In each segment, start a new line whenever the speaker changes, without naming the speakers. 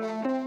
Thank you.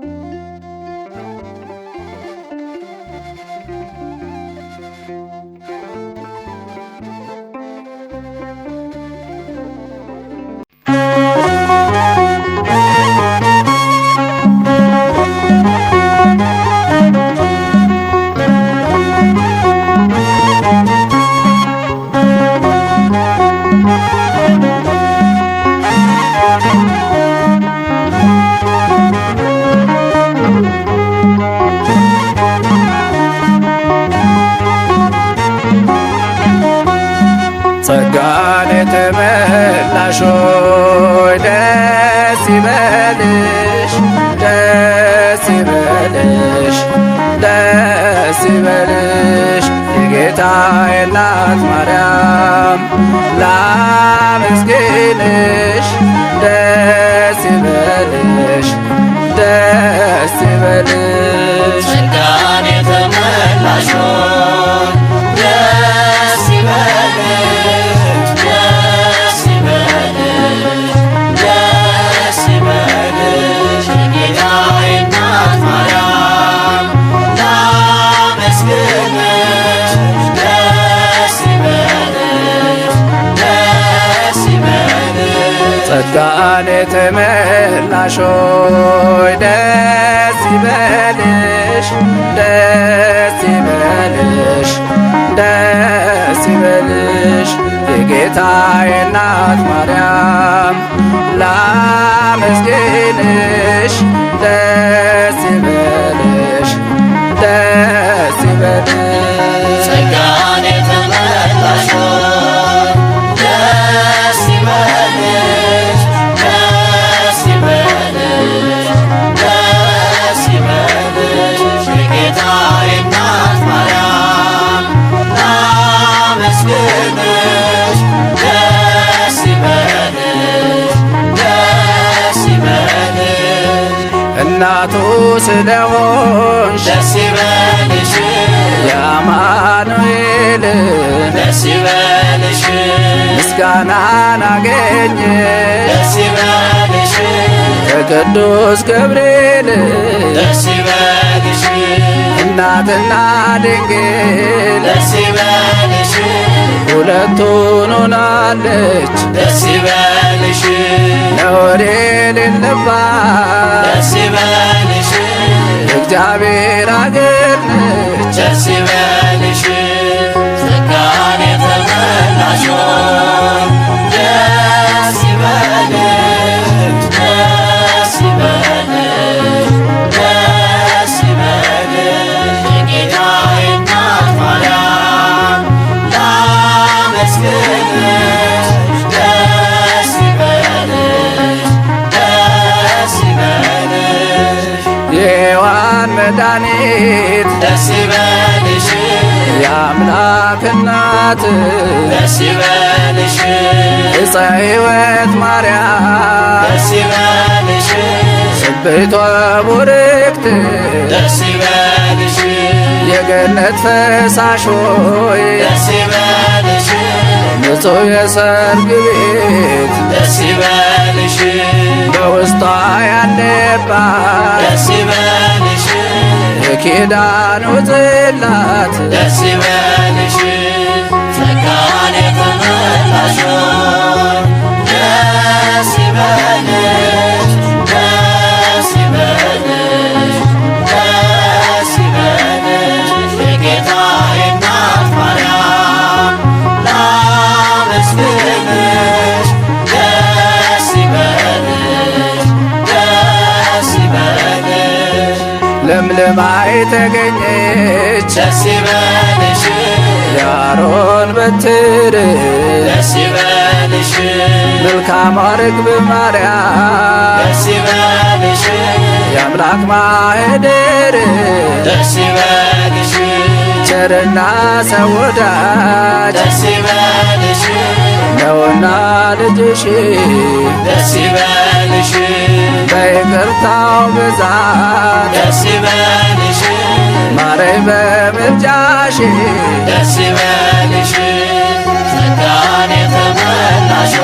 ሆይ ደስ ይበልሽ፣ ደስ ይበልሽ፣ ደስ ይበልሽ የጌታ እናት ማርያም ላም ኪዳን ተመላሾይ ደስ ይበልሽ ደስ ይበልሽ ደስ ይበልሽ የጌታዬ እናት ማርያም ላመስግንሽ እናቱ
ደስ ይበልሽ
የአማኑኤል
ደስ ይበልሽ
ምስጋናን አገኘ
ደስ ይበልሽ
ከቅዱስ ገብርኤል
ደስ ይበልሽ
እናትና ድንግል ደስ ሁለቱን ሆናለች።
ደስ ይበልሽ
ነውር የሌለባት
ደስ ይበልሽ
እግዚአብሔር አገር ነች።
ደስ ይበልሽ ጸጋን የተመላሽ
መድኃኒት
ደስ ይበልሽ
የአምላክ እናት
ደስ ይበልሽ
ዕፀ ሕይወት ማርያም
ደስ ይበልሽ
ስብዕቷ ቡርክት
ደስ ይበልሽ
የገነት ፈሳሽ ሆይ
ደስ ይበልሽ
ንጹሕ የሰርግ ቤት
ደስ ይበልሽ
በውስጧ ያለባት ኪዳኑ ጽላት
ደስ ይበል
ለምለም የተገኘች
ደስ ይበልሽ
የአሮን በትር
ደስ ይበልሽ
መልካሟ ርግብ ማርያም
ደስ ይበልሽ
የአምላክ ማህደር
ደስ ይበልሽ
ቸርና ሰው ወዳጅ
ደስ ይበልሽ
ነውና ልጅሽ
ደስ ይበልሽ
በይቅርታው ብዛት
ደስ ይበልሽ
ማረይ በምልጃሽ
ደስ ይበልሽ ጸጋን የተመላሽ